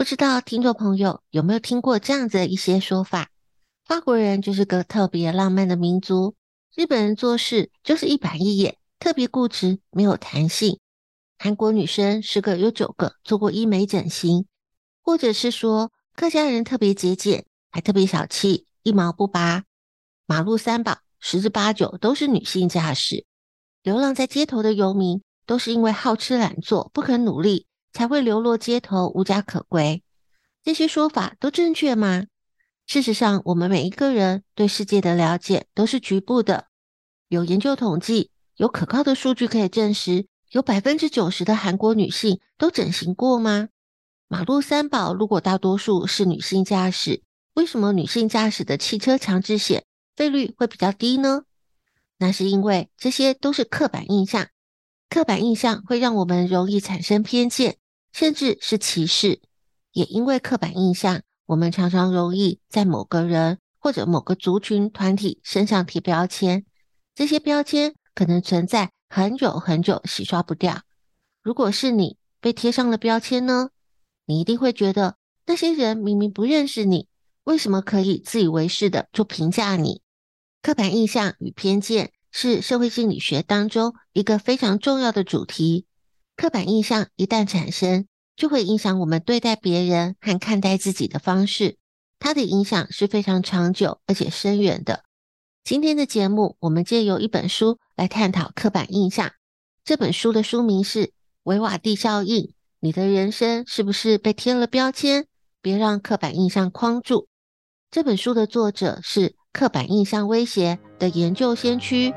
不知道聽眾朋友有沒有聽過這樣子的一些說法：法國人就是個特別浪漫的民族；日本人做事就是一板一眼，特別固執，沒有彈性；韓國女生十個有九個做過醫美整形，或者是說客家人特別節儉，還特別小氣，一毛不拔；馬路三寶十之八九都是女性駕駛；流浪在街頭的游民都是因為好吃懶做，不肯努力。才會流落街頭，無家可歸。這些說法都正確嗎？事實上，我們每一個人對世界的了解都是局部的。有研究統計，有可靠的數據可以證實，有百分之九十的韓國女性都整形過嗎？馬路三寶如果大多數是女性駕駛，為什麼女性駕駛的汽車強制險費率會比較低呢？那是因為這些都是刻板印象。刻板印象會讓我們容易產生偏見。甚至是歧視，也因為刻板印象，我們常常容易在某個人或者某個族群團體身上貼標籤。這些標籤可能存在很久很久，洗刷不掉。如果是你被貼上了標籤呢？你一定會覺得那些人明明不認識你，為什麼可以自以為是的做評價你？你，刻板印象與偏見是社會心理學當中一個非常重要的主題。刻板印象一旦產生，就會影響我們對待別人和看待自己的方式。它的影響是非常長久而且深遠的。今天的節目，我們借由一本書來探討刻板印象。這本書的書名是《韋瓦第效應》，你的人生是不是被貼了標籤？別讓刻板印象框住。這本書的作者是刻板印象威脅的研究先驅，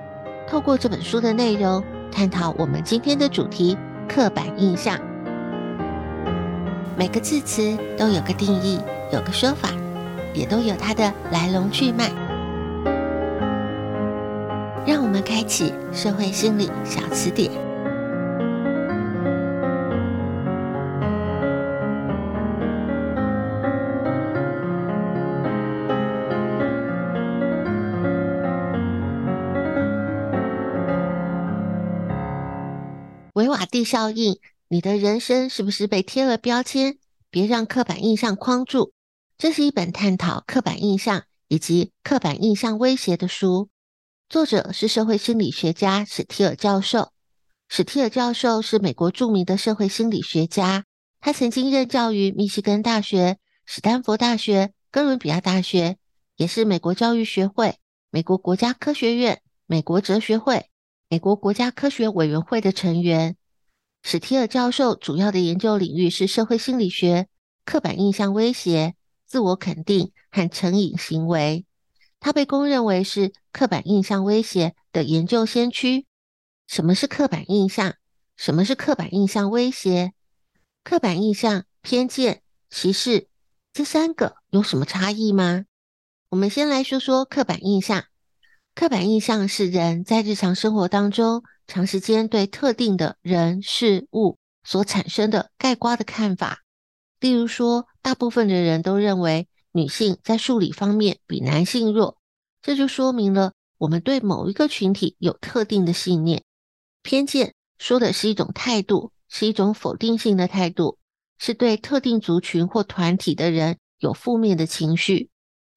透過這本書的內容探討我們今天的主題。刻板印象，每個字詞都有個定義，有個說法，也都有它的來龍去脈。讓我們開啟社會心理小詞典。第效應，你的人生是不是被貼了標籤？別讓刻板印象框住。這是一本探討刻板印象以及刻板印象威脅的書。作者是社會心理學家史提爾教授。史提爾教授是美國著名的社會心理學家，他曾經任教於密西根大學、史丹佛大學、哥倫比亞大學，也是美國教育學會、美國國家科學院、美國哲學會、美國國家科學委員會的成員。史提爾教授主要的研究領域是社會心理學、刻板印象威脅、自我肯定和成癮行為。他被公認為是刻板印象威脅的研究先驅。什麼是刻板印象？什麼是刻板印象威脅？刻板印象、偏見、歧視，這三個有什麼差異嗎？我們先來說說刻板印象。刻板印象是人在日常生活當中。長時間對特定的人事物所產生的概括的看法，例如說，大部分的人都認為女性在數理方面比男性弱，這就說明了我們對某一個群體有特定的信念。偏見說的是一種態度，是一種否定性的態度，是對特定族群或團體的人有負面的情緒，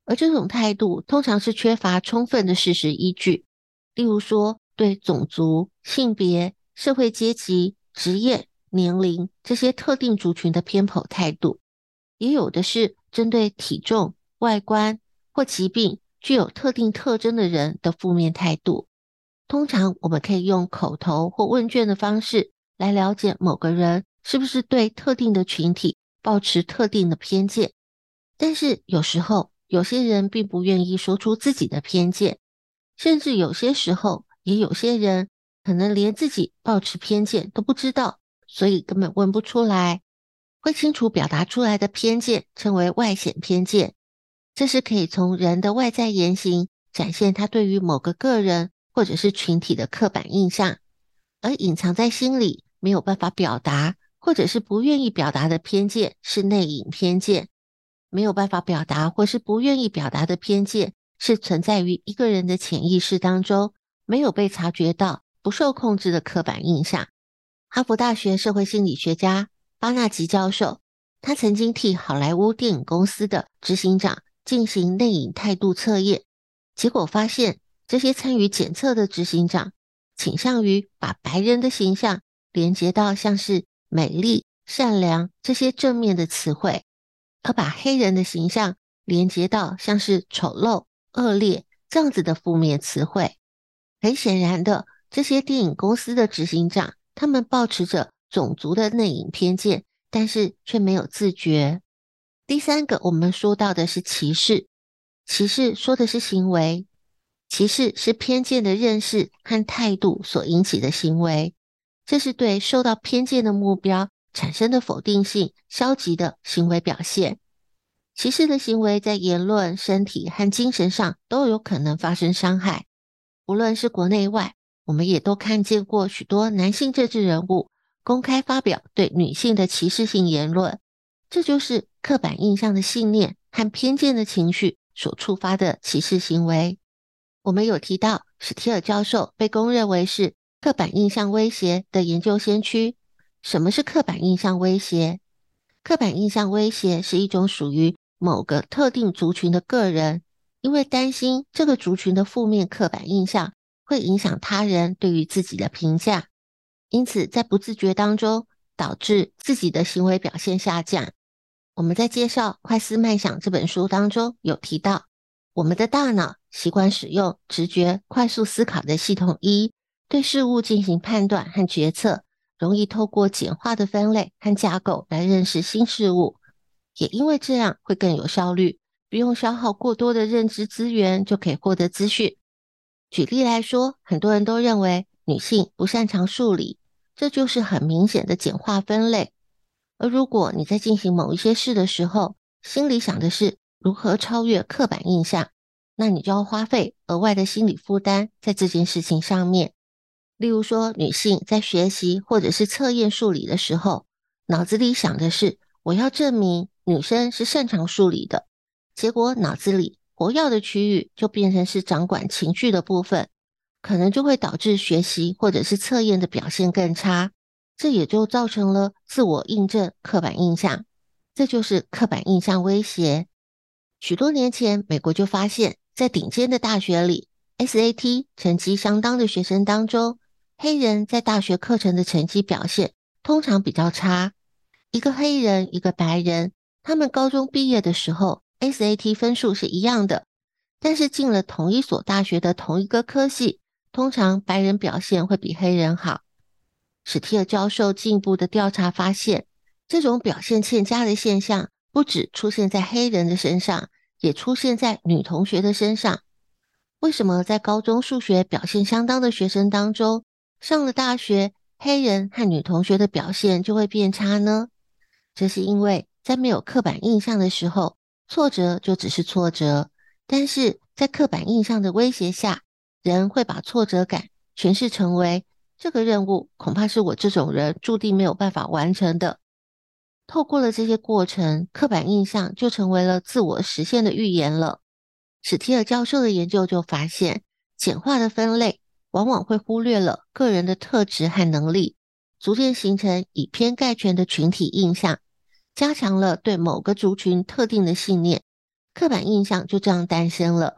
而這種態度通常是缺乏充分的事實依據。例如說，對種族。性別、社會階級、職業、年齡這些特定族群的偏頗態度，也有的是針對體重、外觀或疾病具有特定特徵的人的負面態度。通常我們可以用口頭或問卷的方式來了解某個人是不是對特定的群體抱持特定的偏見。但是有時候，有些人並不願意說出自己的偏見，甚至有些時候，也有些人。可能連自己抱持偏見都不知道，所以根本問不出來。會清楚表達出來的偏見稱為外顯偏見，這是可以從人的外在言行展現他對於某個個人或者是群體的刻板印象。而隱藏在心裡沒有辦法表達或者是不願意表達的偏見是內隱偏見，沒有辦法表達或是不願意表達的偏見是存在於一個人的潛意識當中，沒有被察覺到。不受控制的刻板印象。哈佛大學社會心理學家巴納吉教授，他曾經替好萊塢電影公司的執行長進行內隱態度測驗，結果發現，這些參與檢測的執行長傾向於把白人的形象連接到像是美麗、善良這些正面的詞彙，而把黑人的形象連接到像是醜陋、惡劣這樣子的負面詞彙。很顯然的，這些電影公司的執行長，他們抱持着種族的內隱偏見，但是卻沒有自覺。第三個，我們說到的是歧視，歧視說的是行為，歧視是偏見的認識和態度所引起的行為，這是對受到偏見的目標產生的否定性、消極的行為表現。歧視的行為在言論、身體和精神上都有可能發生傷害，無論是國內外。我們也都看見過許多男性政治人物公開發表對女性的歧視性言論，這就是刻板印象的信念和偏見的情緒所觸發的歧視行為。我們有提到史提爾教授被公認為是刻板印象威脅的研究先驅。什麼是刻板印象威脅？刻板印象威脅是一種屬於某個特定族群的個人，因為擔心這個族群的負面刻板印象。會影響他人對於自己的評價，因此在不自覺當中導致自己的行為表現下降。我們在介紹《快思慢想》這本書當中有提到，我們的大腦習慣使用直覺、快速思考的系統一，對事物進行判斷和決策，容易透過簡化的分類和架構來認識新事物。也因為這樣會更有效率，不用消耗過多的認知資源就可以獲得資訊。舉例來說，很多人都認為女性不擅長數理，這就是很明顯的簡化分類。而如果你在進行某一些事的時候，心裡想的是如何超越刻板印象，那你就要花費額外的心理負擔在這件事情上面。例如說，女性在學習或者是測驗數理的時候，腦子裡想的是我要證明女生是擅長數理的，結果腦子裡活躍的區域就變成是掌管情緒的部分，可能就會導致學習或者是測驗的表現更差，這也就造成了自我印證刻板印象。這就是刻板印象威脅。許多年前，美國就發現在頂尖的大學裡，SAT 成績相當的學生當中，黑人在大學課程的成績表現通常比較差。一個黑人，一個白人，他們高中畢業的時候。SAT 分數是一樣的，但是進了同一所大學的同一個科系，通常白人表現會比黑人好。史蒂爾教授進一步的調查發現，這種表現欠佳的現象不止出現在黑人的身上，也出現在女同學的身上。為什麼在高中數學表現相當的學生當中，上了大學，黑人和女同學的表現就會變差呢？這是因為在沒有刻板印象的時候，挫折就只是挫折，但是在刻板印象的威脅下，人會把挫折感詮釋成為這個任務恐怕是我這種人注定沒有辦法完成的。透過了這些過程，刻板印象就成為了自我實現的預言了。史提爾教授的研究就發現，簡化的分類往往會忽略了個人的特質和能力，逐漸形成以偏概全的群體印象。加強了對某個族群特定的信念，刻板印象就這樣誕生了。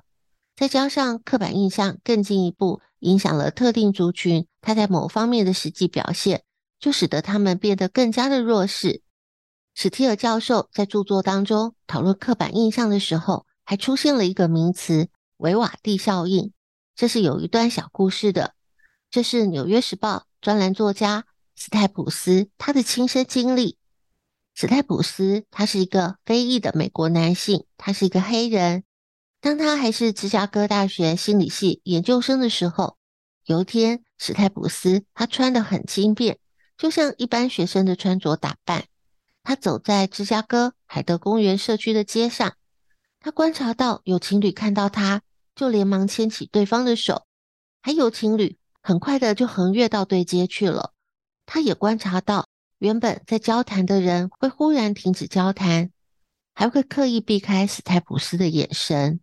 再加上刻板印象更進一步影響了特定族群他在某方面的實際表現，就使得他們變得更加的弱勢。史提爾教授在著作當中討論刻板印象的時候，還出現了一個名詞——韋瓦第效應。這是有一段小故事的，這是《紐約時報》專欄作家斯泰普斯他的親身經歷。史泰普斯，他是一個非裔的美國男性，他是一個黑人。當他還是芝加哥大學心理系研究生的時候，有一天，史泰普斯他穿得很輕便，就像一般學生的穿着打扮。他走在芝加哥海德公園社區的街上，他觀察到有情侶看到他就連忙牽起對方的手，還有情侶很快的就橫越到對街去了。他也觀察到。原本在交談的人會忽然停止交談，還會刻意避開史泰普斯的眼神。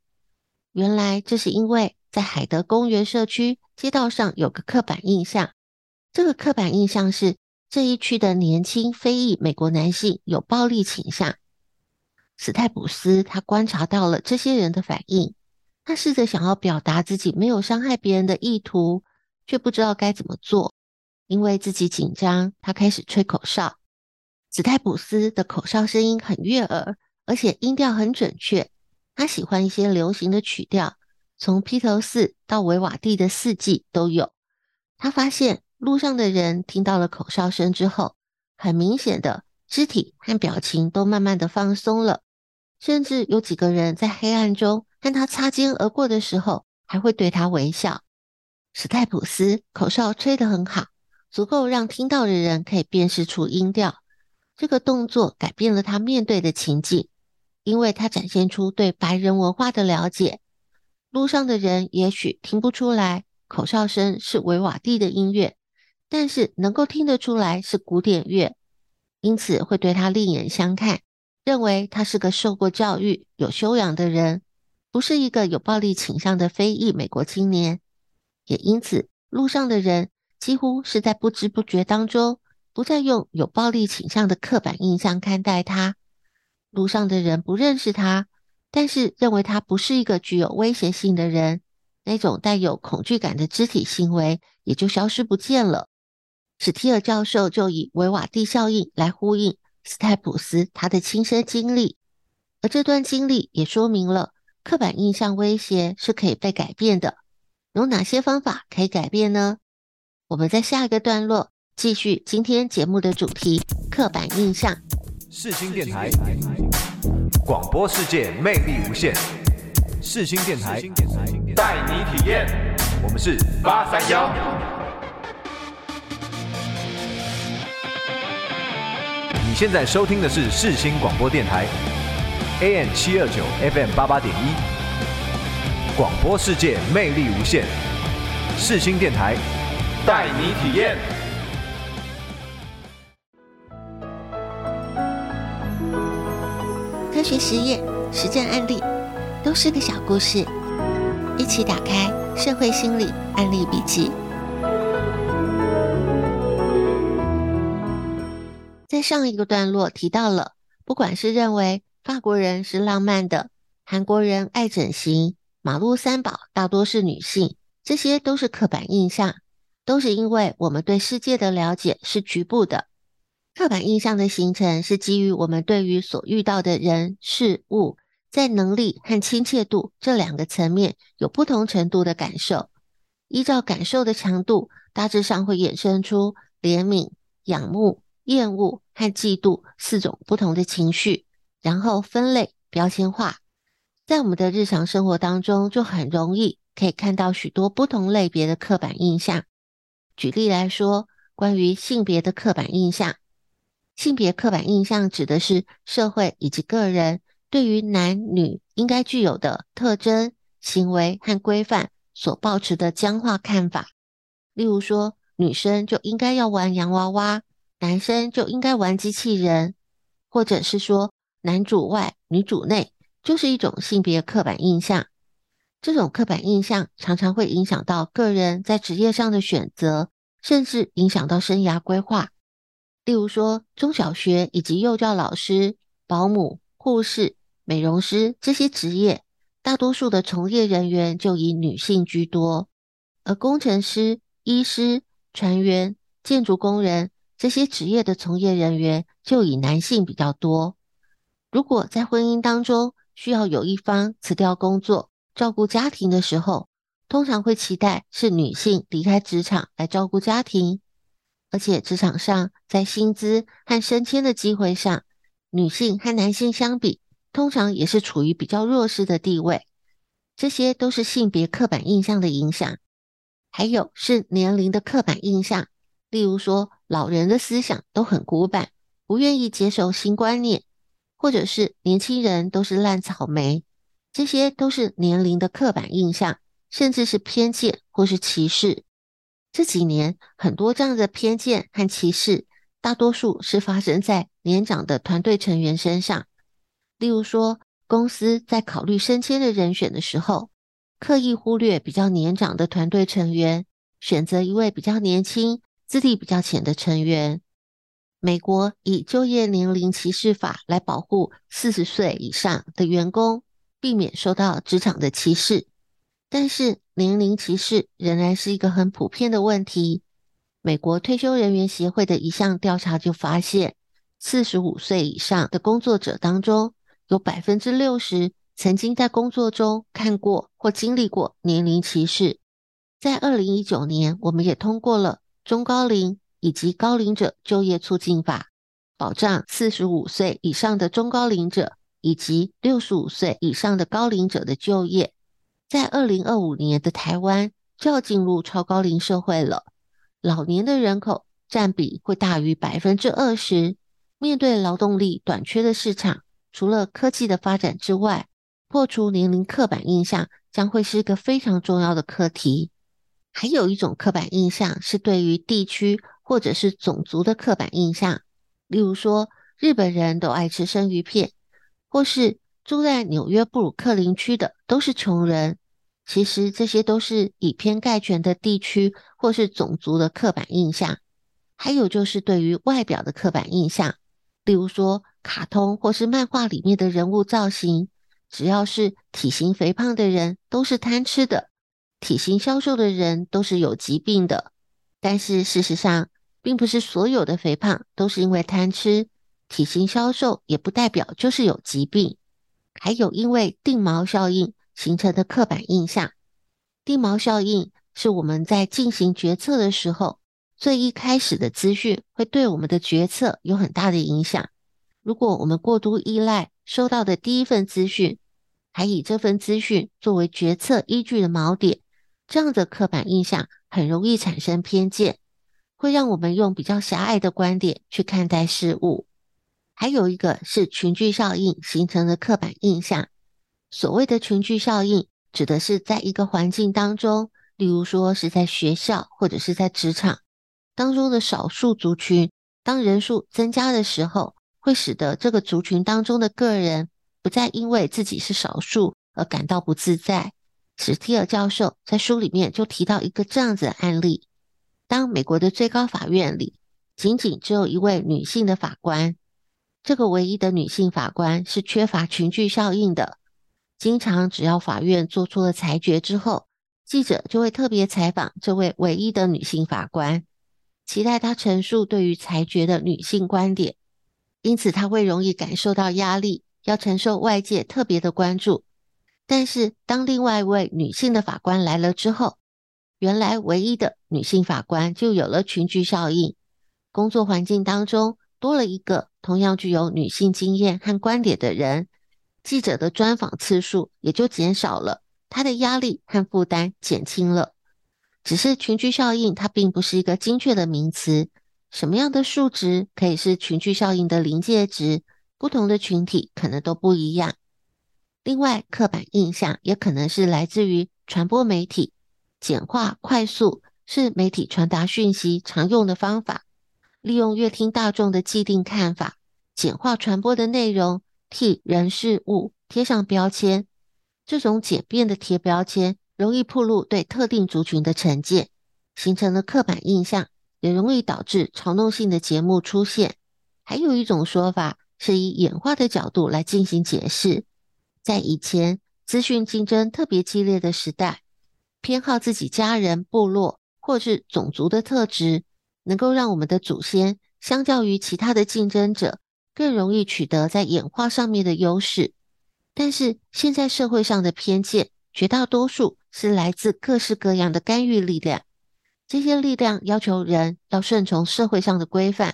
原來這是因為，在海德公園社區街道上有個刻板印象，這個刻板印象是這一區的年輕非裔美國男性有暴力傾向。史泰普斯他觀察到了這些人的反應，他試着想要表達自己沒有傷害別人的意圖，卻不知道該怎麼做。因為自己緊張，他開始吹口哨。史泰普斯的口哨聲音很悅耳，而且音調很準確。他喜歡一些流行的曲調，從披頭四到韋瓦第的四季都有。他發現路上的人聽到了口哨聲之後，很明顯的肢體和表情都慢慢的放鬆了，甚至有幾個人在黑暗中和他擦肩而過的時候，還會對他微笑。史泰普斯口哨吹得很好。足夠讓聽到的人可以辨識出音調。這個動作改變了他面對的情景，因為他展現出對白人文化的了解。路上的人也許聽不出來口哨聲是維瓦第的音樂，但是能夠聽得出來是古典樂，因此會對他另眼相看，認為他是個受過教育、有修養的人，不是一個有暴力傾向的非裔美國青年。也因此，路上的人。幾乎是在不知不覺當中，不再用有暴力傾向的刻板印象看待他。路上的人不認識他，但是認為他不是一個具有威脅性的人，那種帶有恐懼感的肢體行為也就消失不見了。史蒂爾教授就以韋瓦第效應來呼應斯泰普斯他的親身經歷，而這段經歷也說明了刻板印象威脅是可以被改變的。有哪些方法可以改變呢？我們在下一個段落繼續今天節目的主題：刻板印象。世新電台，廣播世界魅力無限。世新電,電台，帶你體驗。我們是八三幺。你現在收聽的是世新廣播電台，AM 七二九 FM 八八點一。AM729, 廣播世界魅力無限。世新電台。帶你體驗科學實驗、實戰案例，都是個小故事。一起打開《社會心理案例筆記》。在上一個段落提到了，不管是認為法國人是浪漫的、韓國人愛整形、馬路三寶大多是女性，這些都是刻板印象。都是因為我們對世界的了解是局部的，刻板印象的形成是基於我們對於所遇到的人事物，在能力和親切度這兩個層面有不同程度的感受。依照感受的強度，大致上會衍生出憐憫、仰慕、厭惡和嫉妒四種不同的情緒，然後分類標籤化。在我們的日常生活當中，就很容易可以看到許多不同類別的刻板印象。舉例來說，關於性別的刻板印象。性別刻板印象指的是社會以及個人對於男女應該具有的特徵、行為和規範所抱持的僵化看法。例如說，女生就應該要玩洋娃娃，男生就應該玩機器人，或者是說男主外女主內，就是一種性別刻板印象。這種刻板印象常常會影響到個人在職業上的選擇，甚至影響到生涯規劃。例如說，中小學以及幼教老師、保姆、護士、美容師這些職業，大多數的從業人員就以女性居多；而工程師、醫師、船員、建築工人這些職業的從業人員就以男性比較多。如果在婚姻當中需要有一方辭掉工作，照顧家庭的時候，通常會期待是女性離開職場來照顧家庭，而且職場上在薪資和升遷的機會上，女性和男性相比，通常也是處於比較弱勢的地位。這些都是性別刻板印象的影響，還有是年齡的刻板印象，例如說老人的思想都很古板，不願意接受新觀念，或者是年輕人都是爛草莓。這些都是年齡的刻板印象，甚至是偏見或是歧視。這幾年，很多這樣的偏見和歧視，大多數是發生在年長的團隊成員身上。例如說，公司在考慮升遷的人選的時候，刻意忽略比較年長的團隊成員，選擇一位比較年輕、資歷比較淺的成員。美國以就業年齡歧視法來保護四十歲以上的員工。避免受到職場的歧視，但是年齡歧視仍然是一個很普遍的問題。美國退休人員協會的一項調查就發現，四十五歲以上的工作者當中，有百分之六十曾經在工作中看過或經歷過年齡歧視。在二零一九年，我們也通過了中高齡以及高齡者就業促進法，保障四十五歲以上的中高齡者。以及六十五歲以上的高齡者的就業，在二零二五年的台灣就要進入超高齡社會了。老年的人口占比會大於百分之二十。面對勞動力短缺的市場，除了科技的發展之外，破除年齡刻板印象將會是個非常重要的課題。還有一種刻板印象是對於地區或者是種族的刻板印象，例如說日本人都愛吃生魚片。或是住在紐約布魯克林區的都是窮人，其實這些都是以偏概全的地區或是種族的刻板印象，還有就是對於外表的刻板印象，例如說卡通或是漫畫裡面的人物造型，只要是體型肥胖的人都是貪吃的，體型消瘦的人都是有疾病的，但是事實上並不是所有的肥胖都是因為貪吃。體型消瘦也不代表就是有疾病，還有因為定錨效應形成的刻板印象。定錨效應是我們在進行決策的時候，最一開始的資訊會對我們的決策有很大的影響。如果我們過度依賴收到的第一份資訊，還以這份資訊作為決策依據的錨點，這樣的刻板印象很容易產生偏見，會讓我們用比較狹隘的觀點去看待事物。還有一個是群聚效應形成的刻板印象。所謂的群聚效應，指的是在一個環境當中，例如說是在學校或者是在職場當中的少數族群，當人數增加的時候，會使得這個族群當中的個人不再因為自己是少數而感到不自在。史蒂爾教授在書裡面就提到一個這樣子的案例：當美國的最高法院裡僅僅只有一位女性的法官。這個唯一的女性法官是缺乏群聚效應的。經常只要法院做出了裁決之後，記者就會特別採訪這位唯一的女性法官，期待她陳述對於裁決的女性觀點。因此，她會容易感受到壓力，要承受外界特別的關注。但是，當另外一位女性的法官來了之後，原來唯一的女性法官就有了群聚效應，工作環境當中多了一個。同樣具有女性經驗和觀點的人，記者的專訪次數也就減少了，她的壓力和負擔減輕了。只是群聚效應，它並不是一個精確的名詞，什麼樣的數值可以是群聚效應的臨界值，不同的群體可能都不一樣。另外，刻板印象也可能是來自於傳播媒體，簡化快速是媒體傳達訊息常用的方法。利用閱聽大眾的既定看法，簡化傳播的內容，替人事物貼上標籤。這種簡便的貼標籤，容易暴露對特定族群的成見，形成了刻板印象，也容易導致嘲弄性的節目出現。還有一種說法是以演化的角度來進行解釋。在以前資訊競爭特別激烈的時代，偏好自己家人、部落或是種族的特質。能夠讓我們的祖先相較於其他的競爭者更容易取得在演化上面的優勢，但是現在社會上的偏見，絕大多數是來自各式各樣的干預力量。這些力量要求人要順從社會上的規範，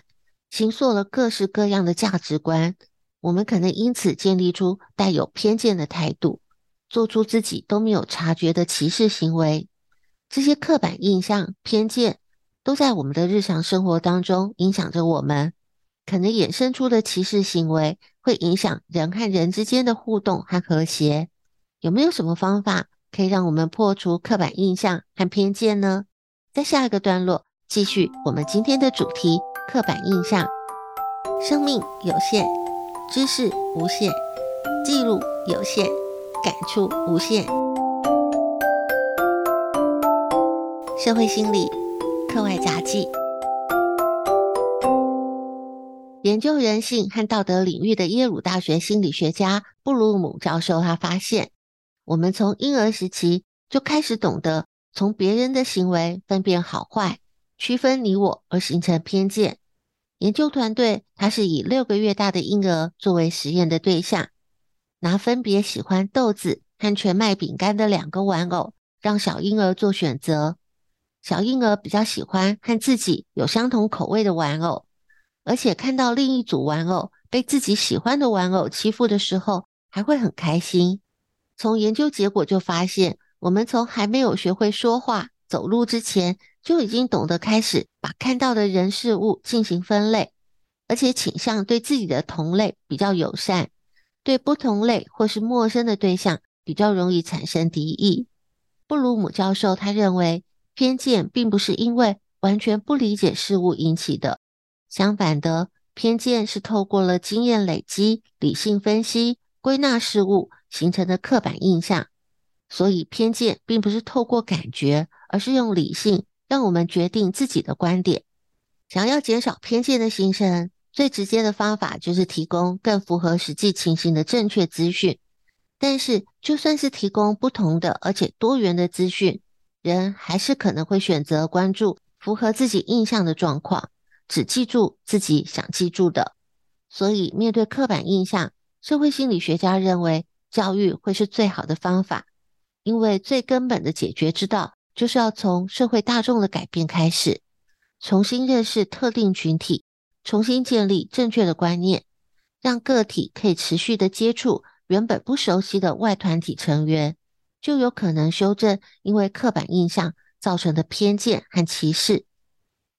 形塑了各式各樣的價值觀。我們可能因此建立出帶有偏見的態度，做出自己都沒有察覺的歧視行為。這些刻板印象、偏見，都在我們的日常生活當中影響着我們，可能衍生出的歧視行為會影響人和人之間的互動和和諧。有沒有什麼方法可以讓我們破除刻板印象和偏見呢？在下一個段落繼續我們今天的主題：刻板印象。生命有限，知識無限，記錄有限，感觸無限。社會心理。課外雜記。研究人性和道德領域的耶魯大學心理學家布魯姆教授，他發現，我們從嬰兒時期就開始懂得從別人的行為分辨好壞、區分你我，而形成偏見。研究團隊，他是以六個月大的嬰兒作為實驗的對象，拿分別喜歡豆子和全麥餅乾的兩個玩偶，讓小嬰兒做選擇。小嬰兒比較喜歡和自己有相同口味的玩偶，而且看到另一組玩偶被自己喜歡的玩偶欺負的時候，還會很開心。從研究結果就發現，我們從還沒有學會說話、走路之前，就已經懂得開始把看到的人事物進行分類，而且傾向對自己的同類比較友善，對不同類或是陌生的對象比較容易產生敵意。布魯姆教授他認為，偏見並不是因為完全不理解事物引起的，相反的，偏見是透過了經驗累積、理性分析、歸納事物形成的刻板印象。所以，偏見並不是透過感覺，而是用理性讓我們決定自己的觀點。想要減少偏見的形成，最直接的方法就是提供更符合實際情形的正確資訊。但是，就算是提供不同的而且多元的資訊，人還是可能會選擇關注符合自己印象的狀況，只記住自己想記住的。所以，面對刻板印象，社會心理學家認為教育會是最好的方法。因為最根本的解決之道就是要從社會大眾的改變開始，重新認識特定群體，重新建立正確的觀念，讓個體可以持續的接觸原本不熟悉的外團體成員。就有可能修正因為刻板印象造成的偏見和歧視。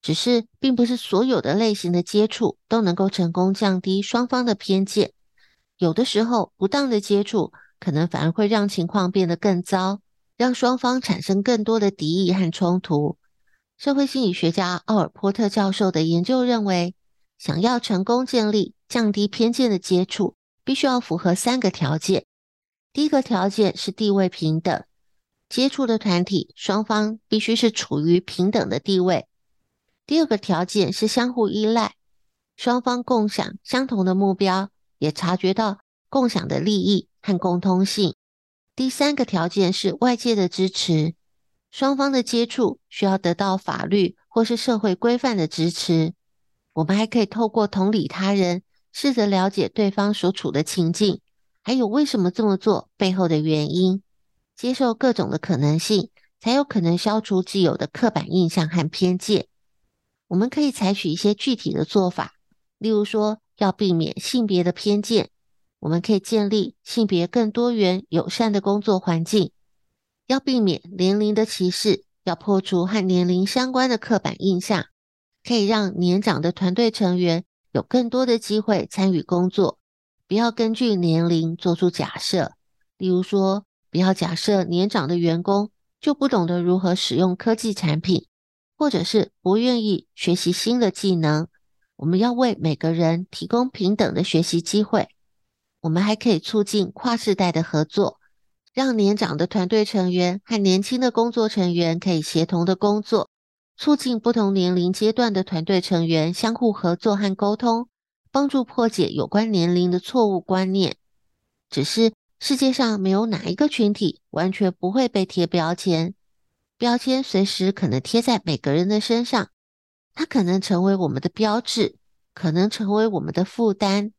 只是並不是所有的類型的接觸都能夠成功降低雙方的偏見，有的時候不當的接觸可能反而會讓情況變得更糟，讓雙方產生更多的敵意和衝突。社會心理學家奧爾波特教授的研究認為，想要成功建立降低偏見的接觸，必須要符合三個條件。第一個條件是地位平等，接觸的團體雙方必須是處於平等的地位。第二個條件是相互依賴，雙方共享相同的目標，也察覺到共享的利益和共通性。第三個條件是外界的支持，雙方的接觸需要得到法律或是社會規範的支持。我們還可以透過同理他人，試着了解對方所處的情境。還有為什麼這麼做背後的原因，接受各種的可能性，才有可能消除既有的刻板印象和偏見。我們可以採取一些具體的做法，例如說要避免性別的偏見，我們可以建立性別更多元友善的工作環境；要避免年齡的歧視，要破除和年齡相關的刻板印象，可以讓年長的團隊成員有更多的機會參與工作。不要根據年齡做出假設，例如說，不要假設年長的員工就不懂得如何使用科技產品，或者是不願意學習新的技能。我們要為每個人提供平等的學習機會。我們還可以促進跨世代的合作，讓年長的團隊成員和年輕的工作成員可以協同的工作，促進不同年齡階段的團隊成員相互合作和溝通。幫助破解有關年齡的錯誤觀念。只是世界上沒有哪一個群體完全不會被貼標籤，標籤隨時可能貼在每個人的身上。它可能成為我們的標誌，可能成為我們的負擔，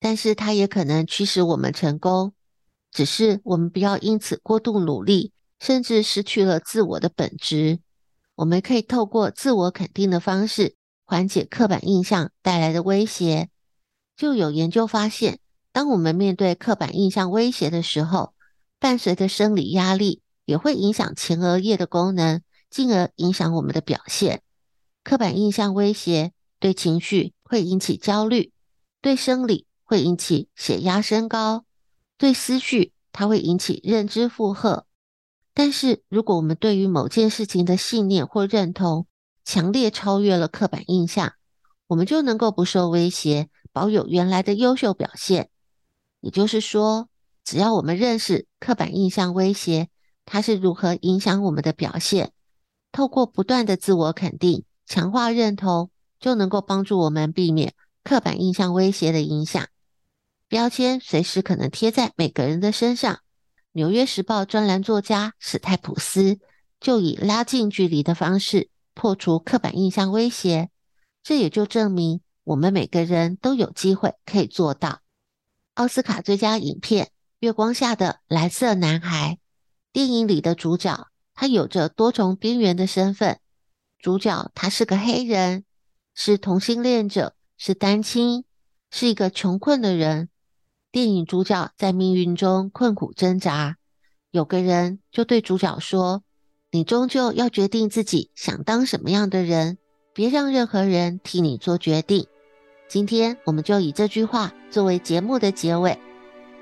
但是它也可能驅使我們成功。只是我們不要因此過度努力，甚至失去了自我的本質。我們可以透過自我肯定的方式，緩解刻板印象帶來的威脅。就有研究發現，當我們面對刻板印象威脅的時候，伴隨着生理壓力，也會影響前額葉的功能，進而影響我們的表現。刻板印象威脅對情緒會引起焦慮，對生理會引起血壓升高，對思緒它會引起認知負荷。但是，如果我們對於某件事情的信念或認同強烈超越了刻板印象，我們就能夠不受威脅。保有原來的優秀表現，也就是說，只要我們認識刻板印象威脅，它是如何影響我們的表現，透過不斷的自我肯定、強化認同，就能夠幫助我們避免刻板印象威脅的影響。標籤隨時可能貼在每個人的身上。《紐約時報》專欄作家史泰普斯就以拉近距離的方式破除刻板印象威脅，這也就證明。我們每個人都有機會可以做到。奧斯卡最佳影片《月光下的藍色男孩》電影裡的主角，他有着多重邊緣的身份。主角他是個黑人，是同性戀者，是單親，是一個窮困的人。電影主角在命運中困苦掙扎，有個人就對主角說：“你終究要決定自己想當什麼樣的人，別讓任何人替你做決定。”今天我們就以這句話作為節目的結尾。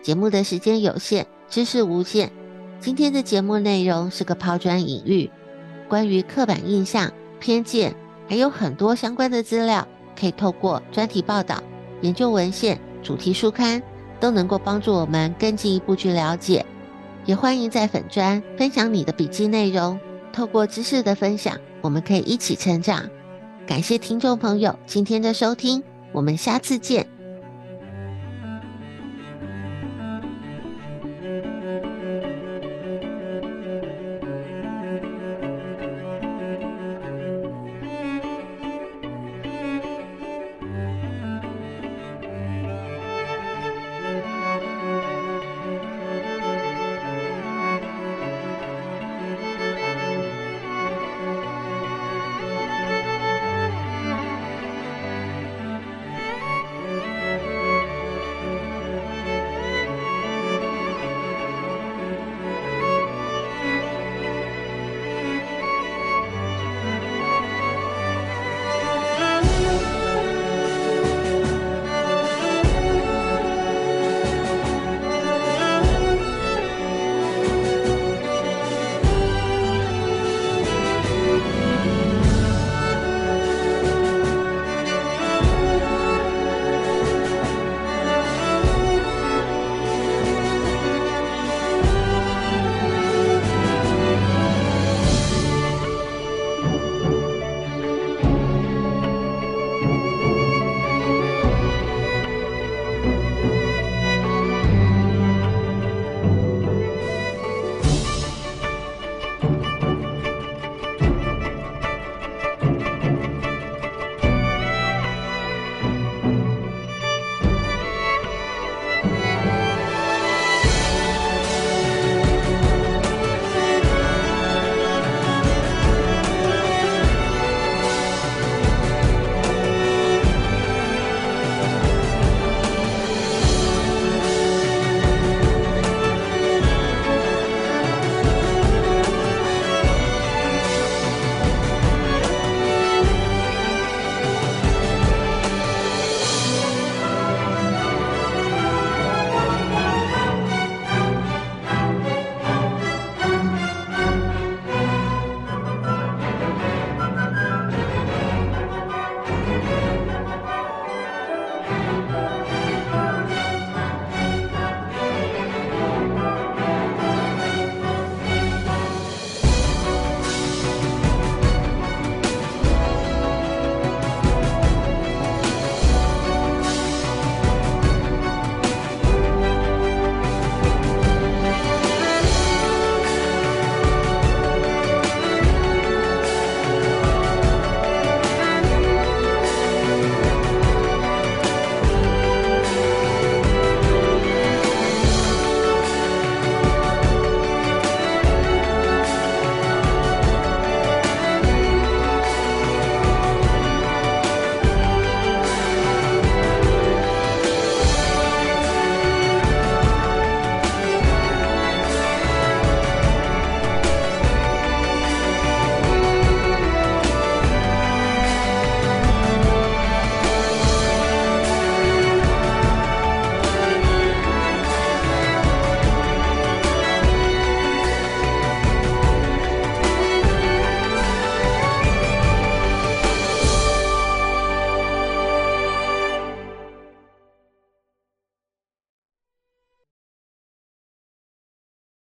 節目的時間有限，知識無限。今天的節目內容是個拋磚引玉，關於刻板印象、偏見，還有很多相關的資料，可以透過專題報道、研究文獻、主題書刊都能夠幫助我們更進一步去了解。也歡迎在粉專分享你的筆記內容。透過知識的分享，我們可以一起成長。感謝聽眾朋友今天的收聽。我們下次見。